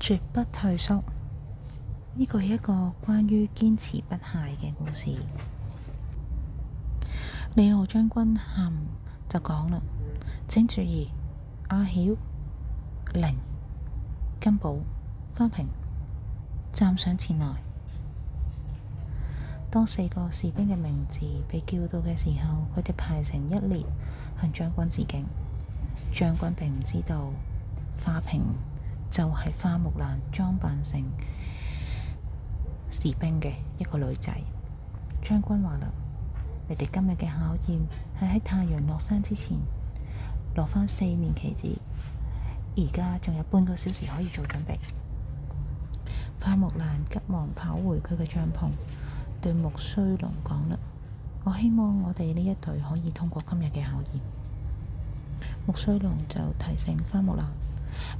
絕不退縮，呢個係一個關於堅持不懈嘅故事。李奧將軍喊就講啦，請注意，阿曉、靈、金寶、花瓶站上前來。當四個士兵嘅名字被叫到嘅時候，佢哋排成一列向將軍致敬。將軍並唔知道花瓶。就係花木蘭裝扮成士兵嘅一個女仔。將軍話啦，你哋今日嘅考驗係喺太陽落山之前落返四面旗子。而家仲有半個小時可以做準備。花木蘭急忙跑回佢嘅帳篷，對木須龍講啦：我希望我哋呢一隊可以通過今日嘅考驗。木須龍就提醒花木蘭。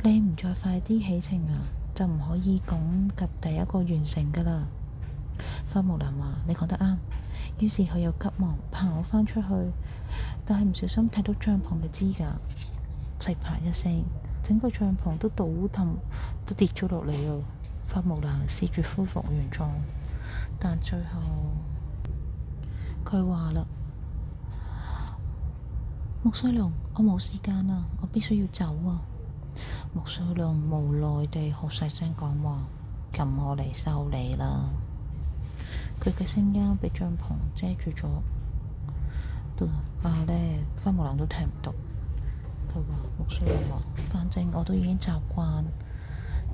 你唔再快啲起程啊，就唔可以趕及第一個完成噶啦。花木蘭話：你講得啱。於是佢又急忙跑翻出去，但係唔小心踢到帳篷嘅支架，噼啪一聲，整個帳篷都倒冧，都跌咗落嚟啊！花木蘭試住恢復原狀，但最後佢話啦：木須龍，我冇時間啦，我必須要走啊！木鬚龍無奈地好細聲講話：咁我嚟收你啦！佢嘅聲音俾帳篷遮住咗，都啊咧，花木蘭都聽唔到。佢話木鬚龍話：反正我都已經習慣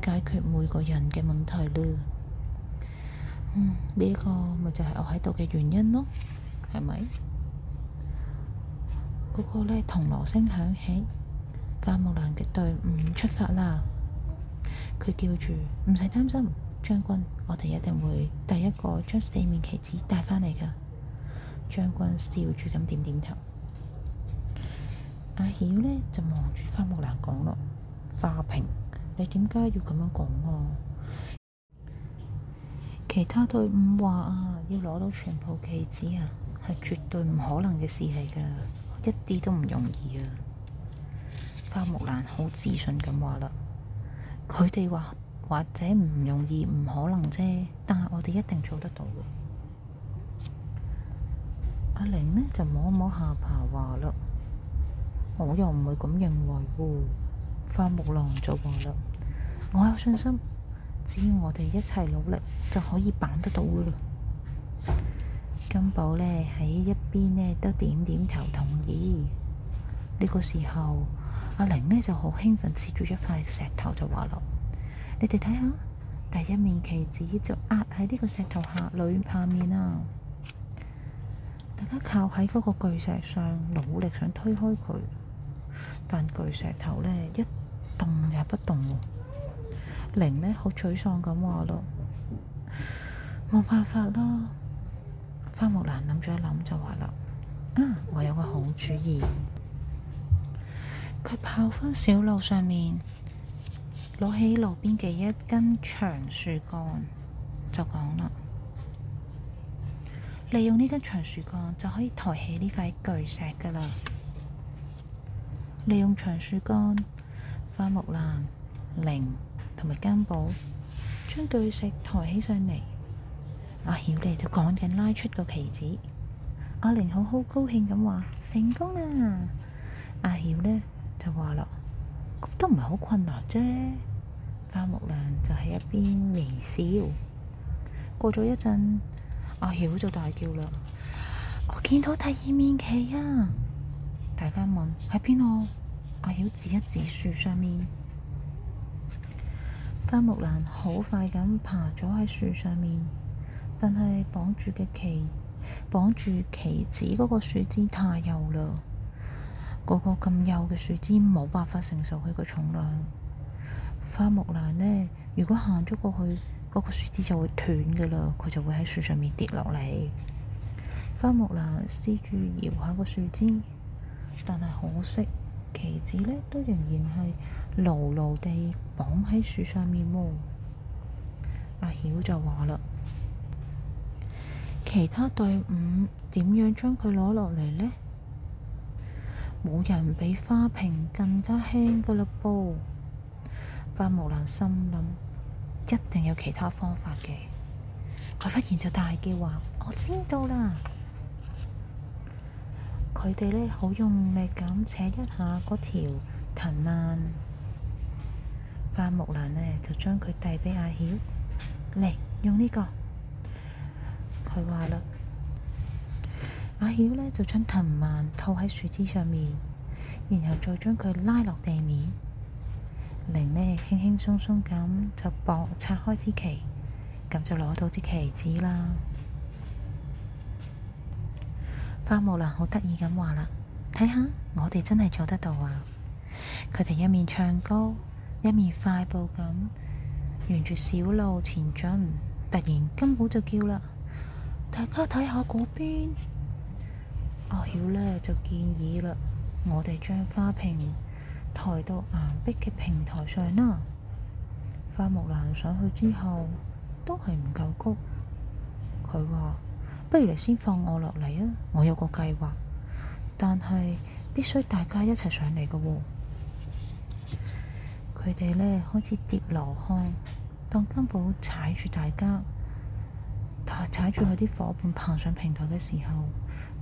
解決每個人嘅問題啦。嗯，呢個咪就係我喺度嘅原因咯，係咪？嗰個咧，銅鑼聲響起。花木蘭嘅隊伍出發啦！佢叫住：唔使擔心，將軍，我哋一定會第一個將四面旗子帶返嚟噶。將軍笑住咁點點頭。阿曉呢就望住花木蘭講落：花瓶，你點解要咁樣講啊？其他隊伍話啊，要攞到全部旗子啊，係絕對唔可能嘅事嚟噶，一啲都唔容易啊！花木蘭好自信咁話啦，佢哋話或者唔容易，唔可能啫，但係我哋一定做得到嘅。阿玲呢就摸摸下巴話啦，我又唔會咁認為喎。花木蘭就話啦，我有信心，只要我哋一齊努力就可以辦得到噶啦。金寶呢喺一邊呢都點點頭同意呢個時候。阿玲呢就好興奮，接住一塊石頭就話咯：你哋睇下，第一面旗子就壓喺呢個石頭下裏下面啊！大家靠喺嗰個巨石上，努力想推開佢，但巨石頭呢一動也不動喎。玲呢好沮喪咁話咯：冇辦法啦！花木蘭諗咗一諗就話啦：啊，我有個好主意！佢跑返小路上面，攞起路邊嘅一根長樹幹，就講啦：利用呢根長樹幹就可以抬起呢塊巨石噶啦。利用長樹幹、花木蘭、靈同埋金寶，將巨石抬起上嚟。阿、啊、曉呢就趕緊拉出個旗子。阿、啊、玲好好高興咁話：成功啦！阿、啊、曉呢。就話啦，都唔係好困難啫。花木蘭就喺一邊微笑。過咗一陣，阿曉就大叫啦：我見到第二面旗啊！大家問喺邊度？阿曉指一指樹上面。花木蘭好快咁爬咗喺樹上面，但係綁住嘅旗，綁住旗子嗰個樹枝太幼啦。個個咁幼嘅樹枝冇辦法承受佢個重量，花木蘭呢，如果行咗過去，嗰、那個樹枝就會斷㗎啦，佢就會喺樹上面跌落嚟。花木蘭試住搖下個樹枝，但係可惜，旗子呢都仍然係牢牢地綁喺樹上面喎。阿曉就話啦：「其他隊伍點樣將佢攞落嚟呢？」冇人比花瓶更加輕嘅啦噃！花木蘭心諗，一定有其他方法嘅。佢忽然就大叫話：我知道啦！佢哋咧好用力咁扯一下嗰條藤蔓，花木蘭呢就將佢遞畀阿曉，嚟用呢個。佢話啦。阿曉呢就將藤蔓套喺樹枝上面，然後再將佢拉落地面，零呢輕輕鬆鬆咁就博拆開支旗，咁就攞到支旗子啦。花木蘭好得意咁話啦，睇下我哋真係做得到啊！佢哋一面唱歌，一面快步咁沿住小路前進，突然金寶就叫啦，大家睇下嗰邊！阿曉、哦、呢就建議啦，我哋將花瓶抬到岩壁嘅平台上啦。花木蘭上去之後都係唔夠高，佢話不如你先放我落嚟啊！我有個計劃，但係必須大家一齊上嚟噶、哦。佢哋呢開始疊羅漢，當金寶踩住大家踩住佢啲伙伴爬上平台嘅時候，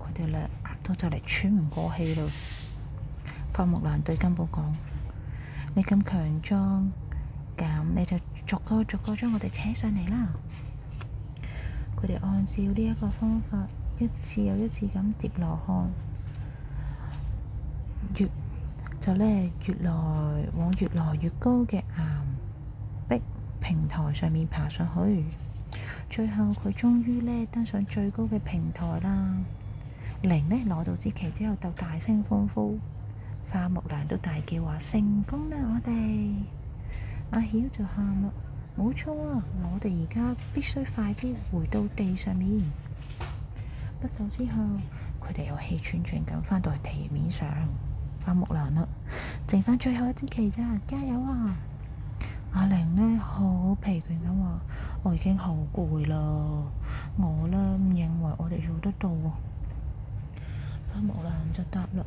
佢哋咧，到就嚟喘唔過氣咯！花木蘭對金寶講：你咁強壯，咁你就逐個逐個將我哋扯上嚟啦！佢哋按照呢一個方法，一次又一次咁跌落去，越就咧越來往越來越高嘅岩壁平台上面爬上去，最後佢終於咧登上最高嘅平台啦！玲呢攞到支旗之後，就大聲歡呼。花木蘭都大叫話、啊：成功啦！我哋阿曉就喊啦，冇錯啊！我哋而家必須快啲回到地上面。不久之後，佢哋又氣喘喘咁返到去地面上。花木蘭啦，剩翻最後一支旗咋，加油啊！阿、啊、玲呢好疲倦咁話：我已經好攰啦，我呢，唔認為我哋做得到。花木蘭就答啦：，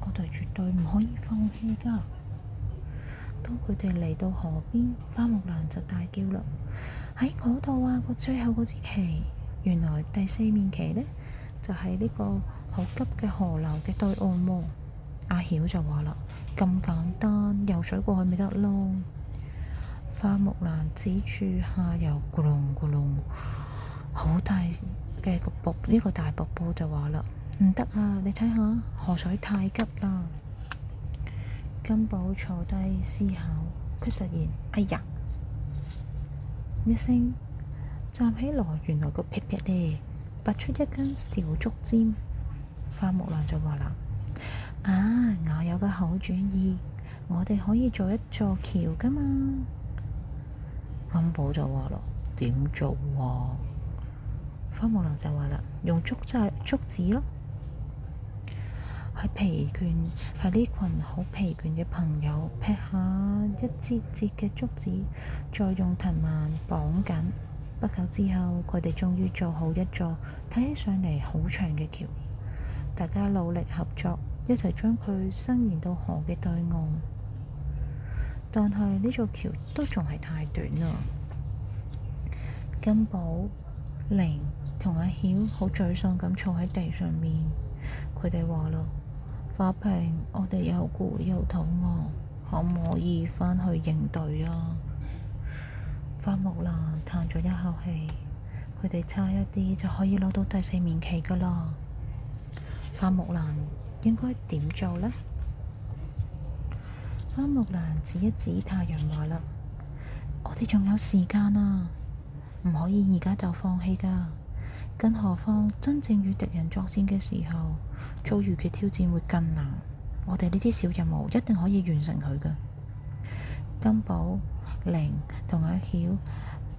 我哋絕對唔可以放棄噶。當佢哋嚟到河邊，花木蘭就大叫啦：喺嗰度啊！個最後嗰支旗，原來第四面旗呢，就喺、是、呢個好急嘅河流嘅對岸喎。阿、啊、曉就話啦：咁簡單，游水過去咪得咯。花木蘭指住下游，咕隆咕隆，好大嘅個瀑布，呢、這個大瀑布就話啦。唔得啊！你睇下河水太急啦。金寶坐低思考，佢突然哎呀一聲，站起來，原來個劈劈咧拔出一根小竹尖。花木蘭就話啦：，啊，我有個好主意，我哋可以做一座橋噶嘛。金寶就話咯：，點做喎？花木蘭就話啦，用竹仔竹子咯。係疲倦，係呢群好疲倦嘅朋友劈下一節節嘅竹子，再用藤蔓綁緊。不久之後，佢哋終於做好一座睇起上嚟好長嘅橋。大家努力合作，一齊將佢伸延到河嘅對岸。但係呢座橋都仲係太短啦。金寶、玲同阿曉好沮喪咁坐喺地上面。佢哋話咯～花瓶，我哋又攰又肚餓，可唔可以返去應對啊？花木蘭嘆咗一口氣，佢哋差一啲就可以攞到第四面旗噶啦。花木蘭應該點做呢？花木蘭指一指太陽話啦：我哋仲有時間啊，唔可以而家就放棄㗎。更何況，真正與敵人作戰嘅時候遭遇嘅挑戰會更難，我哋呢啲小任務一定可以完成佢嘅。金寶、玲同阿曉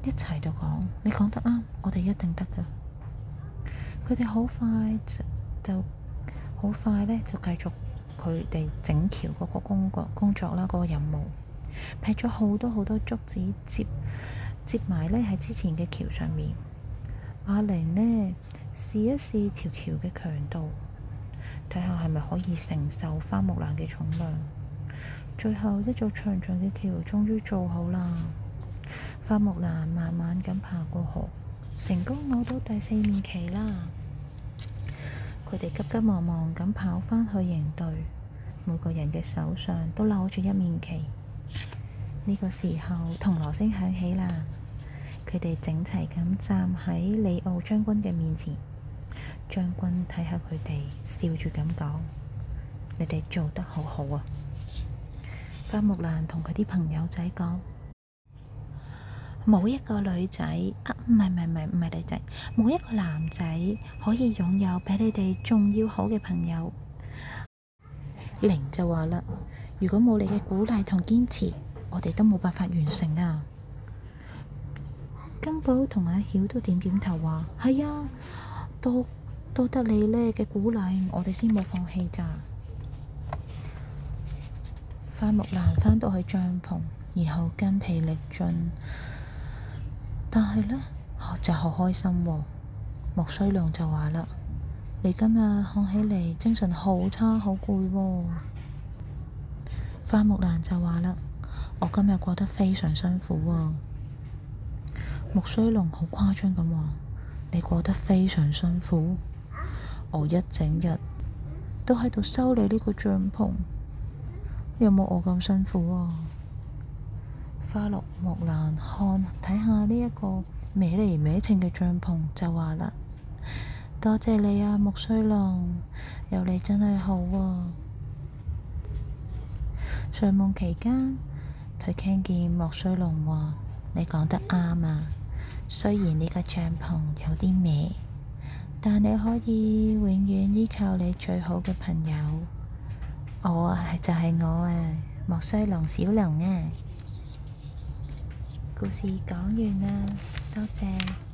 一齊就講：你講得啱，我哋一定得㗎。佢哋好快就好快咧，就繼續佢哋整橋嗰個工作工作啦，嗰個任務劈咗好多好多竹子接，接接埋咧喺之前嘅橋上面。阿玲咧試一試條橋嘅強度。睇下係咪可以承受花木蘭嘅重量。最後一座長長嘅橋終於做好啦。花木蘭慢慢咁爬過河，成功攞到第四面旗啦。佢哋急急忙忙咁跑翻去營隊，每個人嘅手上都攞住一面旗。呢個時候銅鑼聲響起啦，佢哋整齊咁站喺里奧將軍嘅面前。將軍睇下佢哋，笑住咁講：你哋做得好好啊！花木蘭同佢啲朋友仔講：冇一個女仔啊，唔係唔係唔係女仔，冇一個男仔可以擁有比你哋仲要好嘅朋友。靈就話啦：如果冇你嘅鼓勵同堅持，我哋都冇辦法完成啊！金寶同阿曉都點點頭話：係啊！都得你呢嘅鼓勵，我哋先冇放棄咋？花木蘭返到去帳篷，然後筋疲力盡，但係咧就好開心喎、哦。木須良就話啦：你今日看起嚟精神好差，好攰喎。花木蘭就話啦：我今日過得非常辛苦喎、哦。木須良好誇張咁話、哦。你過得非常辛苦，我一整日都喺度修理呢個帳篷，有冇我咁辛苦啊？花落木蘭看睇下呢一個美麗美情嘅帳篷，就話啦，多謝你啊，木須龍，有你真係好啊！上」睡夢期間，佢聽見木須龍話：你講得啱啊！雖然你個帳篷有啲歪，但你可以永遠依靠你最好嘅朋友。我、oh, 係就係我啊，莫衰龍小龍啊！故事講完啦，多謝。